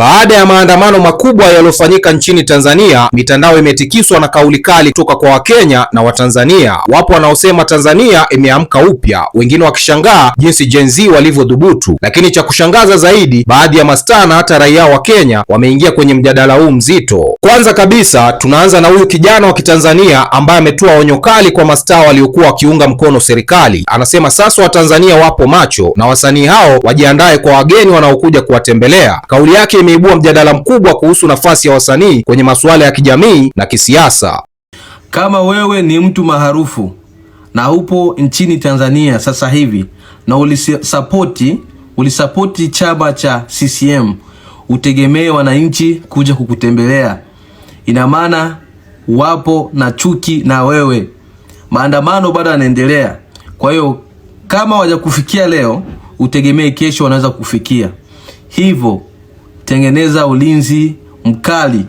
Baada ya maandamano makubwa yaliyofanyika nchini Tanzania, mitandao imetikiswa na kauli kali kutoka kwa Wakenya na Watanzania. Wapo wanaosema Tanzania imeamka upya, wengine wakishangaa jinsi Gen Z walivyodhubutu. Lakini cha kushangaza zaidi, baadhi ya mastaa na hata raia wa Kenya wameingia kwenye mjadala huu mzito. Kwanza kabisa, tunaanza na huyu kijana wa Kitanzania ambaye ametoa onyo kali kwa mastaa waliokuwa wakiunga mkono serikali. Anasema sasa Watanzania wapo macho na wasanii hao wajiandae kwa wageni wanaokuja kuwatembelea. Kauli yake imeibua mjadala mkubwa kuhusu nafasi ya wasanii kwenye masuala ya kijamii na kisiasa. Kama wewe ni mtu maarufu na upo nchini Tanzania sasa hivi na ulisapoti ulisapoti chama cha CCM, utegemee wananchi kuja kukutembelea. Ina maana wapo na chuki na wewe. Maandamano bado yanaendelea, kwa hiyo kama wajakufikia leo, utegemee kesho wanaweza kufikia hivyo tengeneza ulinzi mkali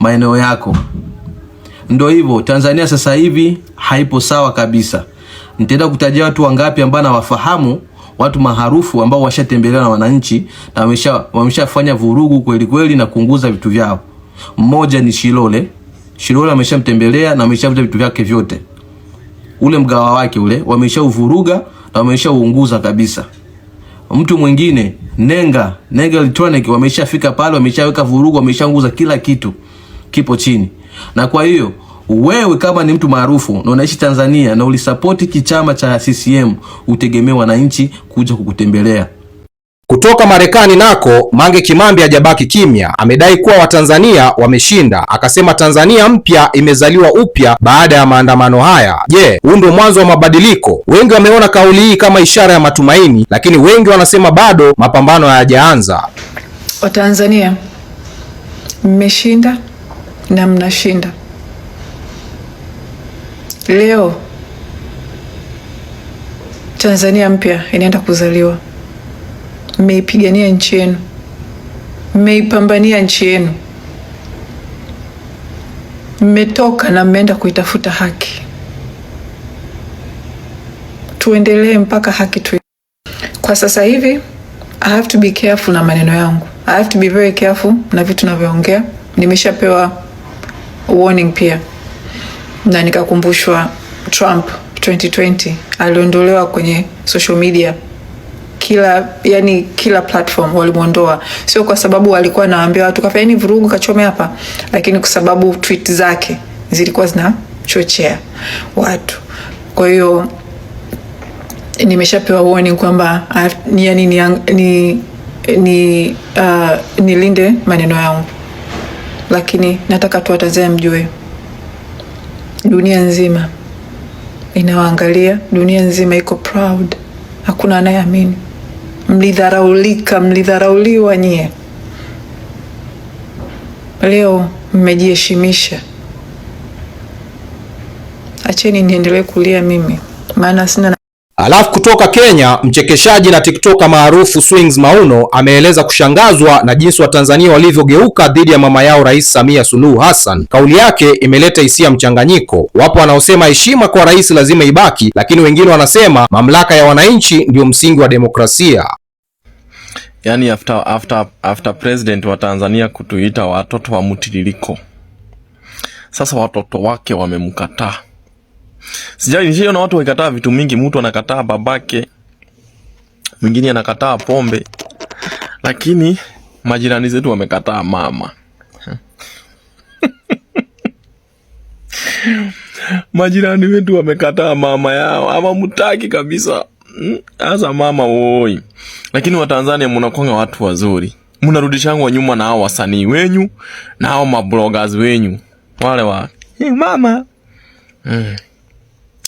maeneo yako. Ndio hivyo, Tanzania sasa hivi haipo sawa kabisa. Nitaenda kutajia watu wangapi ambao nawafahamu, watu maarufu ambao washatembelewa na wananchi na wamesha wameshafanya vurugu kweli kweli na kuunguza vitu vyao. Mmoja ni Shilole. Shilole ameshamtembelea na ameshavuta vitu vyake vyote, ule mgawa wake ule wameshauvuruga na wameshauunguza kabisa mtu mwingine Nenga Nenga Electronic wameshafika pale, wameshaweka vurugu, wameshanguza kila kitu kipo chini. Na kwa hiyo wewe kama ni mtu maarufu na unaishi Tanzania na ulisapoti kichama cha CCM, utegemee wananchi kuja kukutembelea. Kutoka Marekani nako Mange Kimambi hajabaki kimya, amedai kuwa Watanzania wameshinda. Akasema Tanzania mpya imezaliwa upya baada ya maandamano haya. Je, yeah, huu ndio mwanzo wa mabadiliko? Wengi wameona kauli hii kama ishara ya matumaini, lakini wengi wanasema bado mapambano hayajaanza. Watanzania mmeshinda na mnashinda. Leo Tanzania mpya inaenda kuzaliwa mmeipigania nchi yenu, mmeipambania nchi yenu, mmetoka na mmeenda kuitafuta haki. Tuendelee mpaka haki tu. Kwa sasa hivi I have to be careful na maneno yangu, I have to be very careful na vitu navyoongea. Nimeshapewa warning pia na nikakumbushwa Trump 2020 aliondolewa kwenye social media kila yani kila platform walimwondoa, sio kwa sababu walikuwa nawaambia watu kafanya ni vurugu kachome hapa, lakini kwa sababu tweet zake zilikuwa zinachochea watu. Kwa hiyo nimeshapewa warning kwamba ah, ni, yani ni, ni, ni, uh, nilinde maneno yangu, lakini nataka tu Watanzania mjue dunia nzima inawaangalia, dunia nzima iko proud, hakuna anayeamini mlidharaulika, mlidharauliwa nyie, leo mmejiheshimisha. Acheni niendelee kulia mimi, maana sina Alafu kutoka Kenya, mchekeshaji na tiktoka maarufu Swings Mauno ameeleza kushangazwa na jinsi Watanzania walivyogeuka dhidi ya mama yao Rais Samia Suluhu Hassan. Kauli yake imeleta hisia mchanganyiko. Wapo wanaosema heshima kwa rais lazima ibaki, lakini wengine wanasema mamlaka ya wananchi ndio msingi wa demokrasia. Yani after, after, after president wa Tanzania kutuita watoto wa mtiririko, sasa watoto wake wamemkataa Sijai watu wakikataa vitu mingi, mtu anakataa babake, mwingine anakataa pombe, lakini majirani zetu wamekataa mama majirani wetu wamekataa mama yao, hawamtaki kabisa. Sasa hmm? mama woi, lakini Watanzania mnakwanga watu wazuri, mnarudishangwa nyuma na hao wasanii wenyu na hao mabloggers wenyu wale wa hey, mama mm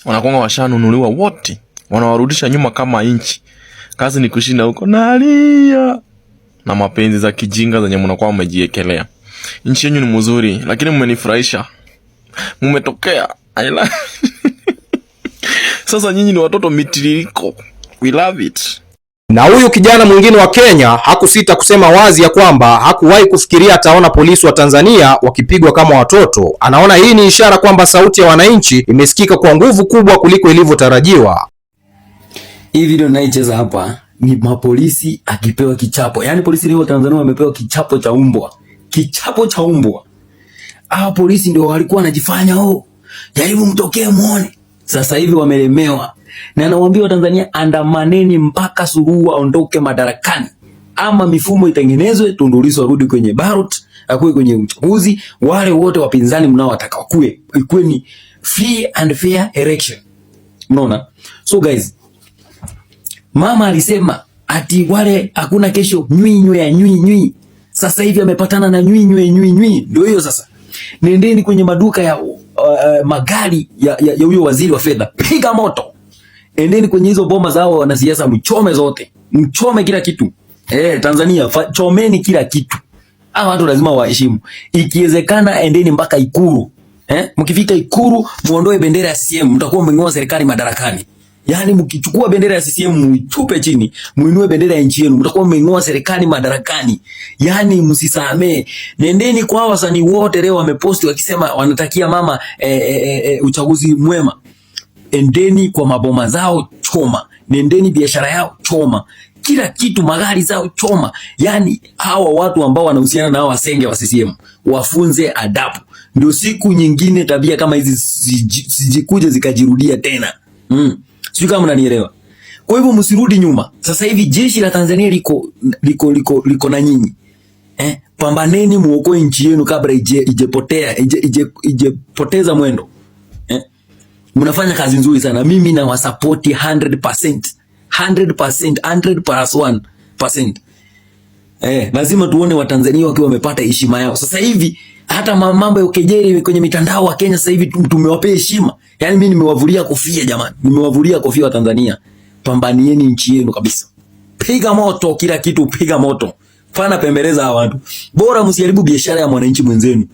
wanakuanga washanunuliwa wote, wanawarudisha nyuma kama inchi. Kazi ni kushinda huko nalia na mapenzi za kijinga zenye mnakuwa mmejiekelea. Nchi yenyu ni mzuri, lakini mmenifurahisha, mmetokea Sasa nyinyi ni watoto mitiririko, we love it. Na huyu kijana mwingine wa Kenya hakusita kusema wazi ya kwamba hakuwahi kufikiria ataona polisi wa Tanzania wakipigwa kama watoto. Anaona hii ni ishara kwamba sauti ya wananchi imesikika kwa nguvu kubwa kuliko ilivyotarajiwa. Hii video naicheza hapa ni mapolisi akipewa kichapo. Yaani polisi leo Tanzania wamepewa kichapo cha umbwa. Kichapo cha umbwa. Hawa polisi ndio walikuwa wanajifanya oh, jaribu mtokee muone. Sasa hivi wamelemewa na anawaambia Watanzania andamaneni mpaka Suluhu aondoke madarakani, ama mifumo itengenezwe, Tundu Lissu arudi kwenye barut, akuwe kwenye uchaguzi, wale wote wapinzani mnao wataka wakuwe, ikuwe ni free and fair election. Unaona? So guys, mama alisema ati wale hakuna kesho nywinywe ya nywi nywi. Sasa hivi amepatana na nywi nywi nywi nywi, ndio hiyo sasa. Nendeni kwenye maduka ya uh, uh magari ya huyo waziri wa fedha, piga moto Endeni kwenye hizo boma zao wanasiasa, mchome zote, mchome kila kitu. Eh, Tanzania fa, chomeni kila kitu. Hawa watu lazima waheshimu. Ikiwezekana endeni mpaka Ikulu. Eh, mkifika Ikulu muondoe bendera ya CCM, mtakuwa mmeng'oa serikali madarakani. Yaani mkichukua bendera ya CCM mchupe chini, muinue bendera ya nchi yenu, mtakuwa mmeng'oa serikali madarakani. Yaani msisamee. Nendeni kwa wasanii wote leo wameposti wakisema wanatakia mama eh, eh, eh, eh uchaguzi mwema endeni kwa maboma zao choma, nendeni biashara yao choma, kila kitu, magari zao choma. Yani hawa watu ambao wanahusiana na wasenge wa CCM wafunze adabu, ndio siku nyingine tabia kama hizi sijikuje zikajirudia tena. Mm. Sijui kama mnanielewa. Kwa hivyo msirudi nyuma. Sasa hivi jeshi la Tanzania liko liko liko, liko na nyinyi. Eh, pambaneni muokoe nchi yenu kabla ijepotea ije, ije, ije, ije, ije mwendo mnafanya kazi nzuri sana, mimi nawasapoti 100%, 100%, 100 1%. Eh, lazima tuone Watanzania wakiwa wamepata heshima yao. Sasa hivi hata mambo ya ukejeli kwenye mitandao wa Kenya sasa hivi tumewapa heshima. Yaani mimi nimewavulia kofia jamani. Nimewavulia kofia wa Tanzania. Pambanieni nchi yenu kabisa. Piga moto kila kitu, piga moto. Fana pembeleza hawa watu. Bora msiharibu biashara ya mwananchi mwenzenu.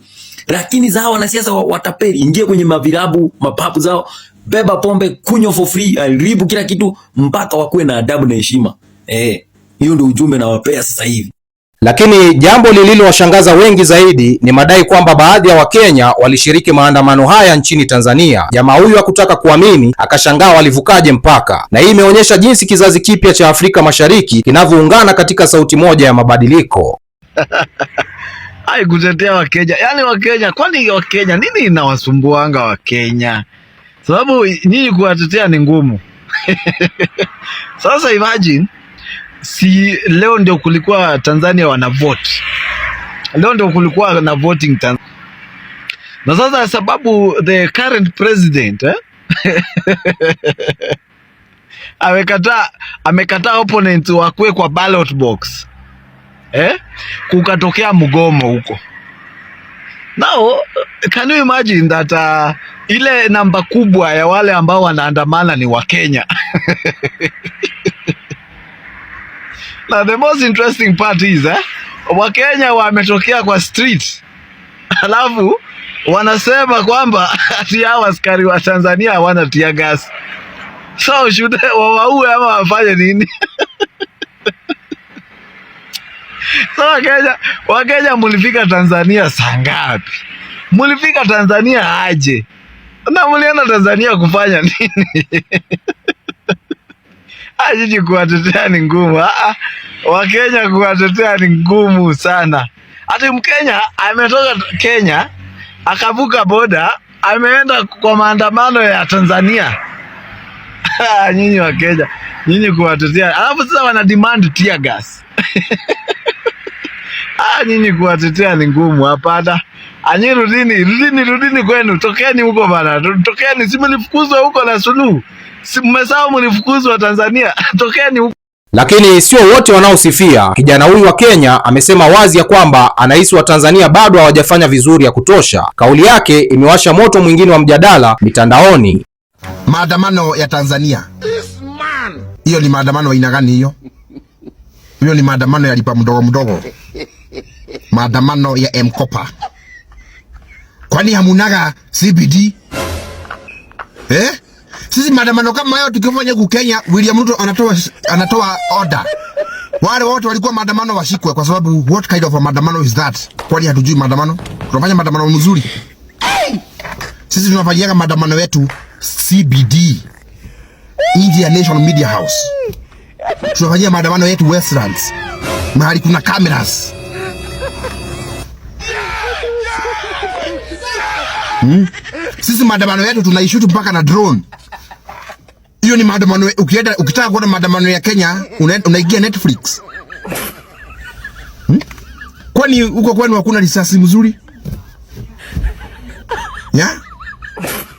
Lakini za wanasiasa watapeli, ingie kwenye mavilabu, mapapu zao, beba pombe, kunywa for free, haribu kila kitu mpaka wakuwe na adabu na heshima. Eh, hiyo ndio ujumbe nawapea sasa hivi. Lakini jambo lililowashangaza wengi zaidi ni madai kwamba baadhi ya Wakenya walishiriki maandamano haya nchini Tanzania. Jamaa huyu hakutaka kuamini, akashangaa walivukaje mpaka. Na hii imeonyesha jinsi kizazi kipya cha Afrika Mashariki kinavyoungana katika sauti moja ya mabadiliko. Ai, kutetea Wakenya, yaani Wakenya, kwani Wakenya nini inawasumbuanga Wakenya? Sababu nyinyi kuwatetea ni ngumu. Sasa imagine si leo ndio kulikuwa Tanzania wana vote, leo ndio kulikuwa na voting Tanzania. Na sasa sababu the current president eh? amekataa amekataa opponent wakwe kwa ballot box eh? Kukatokea mgomo huko. Now can you imagine that uh, ile namba kubwa ya wale ambao wanaandamana ni Wakenya na the most interesting part is eh, Wakenya wametokea kwa street alafu wanasema kwamba ati hawa askari wa Tanzania hawana tia gas, so should wawaue ama wafanye nini? So Wakenya, Wakenya mulifika Tanzania saa ngapi? Mulifika Tanzania aje? Na mulienda Tanzania kufanya nini? Nyinyi ah, kuwatetea ni ngumu. Ah, ah. Wakenya kuwatetea ni ngumu sana. Ati Mkenya ametoka Kenya akavuka boda ameenda kwa maandamano ya Tanzania. Nyinyi Kenya, nyinyi kuwatetea. Alafu sasa wana demand tear gas. Ah, nyinyi kuwatetea ni ngumu. Hapana, anyi rudini, rudini, rudini kwenu. Tokeni huko bana, tokeni, si huko na Suluhu mmesahau mlifukuzwa Tanzania? Tokeni huko. Lakini sio wote wanaosifia. Kijana huyu wa Kenya amesema wazi ya kwamba anahisi Watanzania bado hawajafanya vizuri ya kutosha. Kauli yake imewasha moto mwingine wa mjadala mitandaoni. Maandamano ya Tanzania, hiyo ni maandamano aina gani hiyo? Hiyo ni maandamano ya lipa mdogo mdogo, maandamano ya mkopa. Kwani hamunaga CBD eh? Sisi maandamano kama hayo tukifanya huku Kenya, William Ruto anatoa anatoa order. Wale wote walikuwa maandamano washikwe kwa sababu what kind of a maandamano is that? Kwani hatujui maandamano? Tunafanya maandamano mzuri. Sisi tunafanyia maandamano yetu CBD. India Nation Media House. Tunafanyia maandamano yetu Westlands. Mahali kuna cameras. Hmm? Sisi maandamano yetu tunaishutu mpaka na drone. Hiyo ni maandamano. Ukienda ukitaka kuona maandamano ya Kenya unaingia una Netflix. Hmm? Kwani huko kwenu hakuna risasi mzuri? Yeah?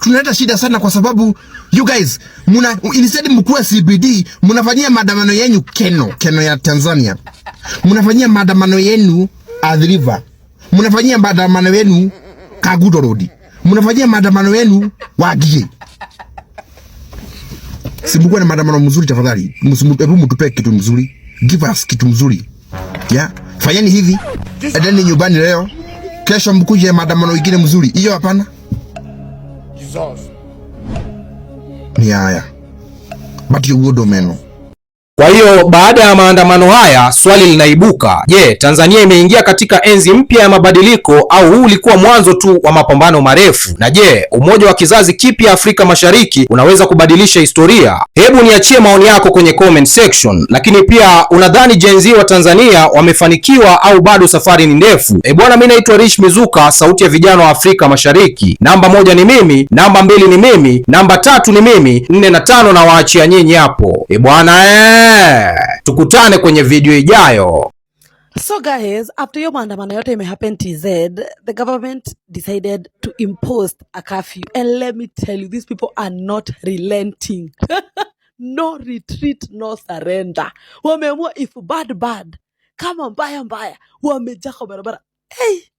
Tunaleta shida sana kwa sababu you guys muna instead mkua CBD mnafanyia maandamano yenu Keno, Keno ya Tanzania. Mnafanyia maandamano yenu Athi River. Mnafanyia maandamano yenu Kagudo Road mnafanyia maandamano yenu wagie. Simbukuwa na maandamano mzuri tafadhali. Msimutepu mtupe kitu mzuri. Give us kitu mzuri. Yeah. Fanyeni hivi. Endeni nyumbani leo. Kesho mkuje maandamano mengine mzuri. Hiyo hapana. Ni haya. But you good meno. Kwa hiyo baada ya maandamano haya swali linaibuka, je, Tanzania imeingia katika enzi mpya ya mabadiliko au huu ulikuwa mwanzo tu wa mapambano marefu? Na je, umoja wa kizazi kipya Afrika Mashariki unaweza kubadilisha historia? Hebu niachie maoni yako kwenye comment section, lakini pia unadhani Gen Z wa Tanzania wamefanikiwa au bado safari ni ndefu? Eh bwana, mimi naitwa Rich Mizuka, sauti ya vijana wa Afrika Mashariki. Namba moja ni mimi, namba mbili ni mimi, namba tatu ni mimi, nne na tano na waachia nyinyi hapo. Eh bwana ee tukutane kwenye video ijayo. So guys, after hiyo maandamano yote imehappen TZ, the government decided to impose a curfew. And let me tell you, these people are not relenting. No retreat, no surrender. Wameamua if bad bad, kama mbaya mbaya, wamejaa barabara. Hey!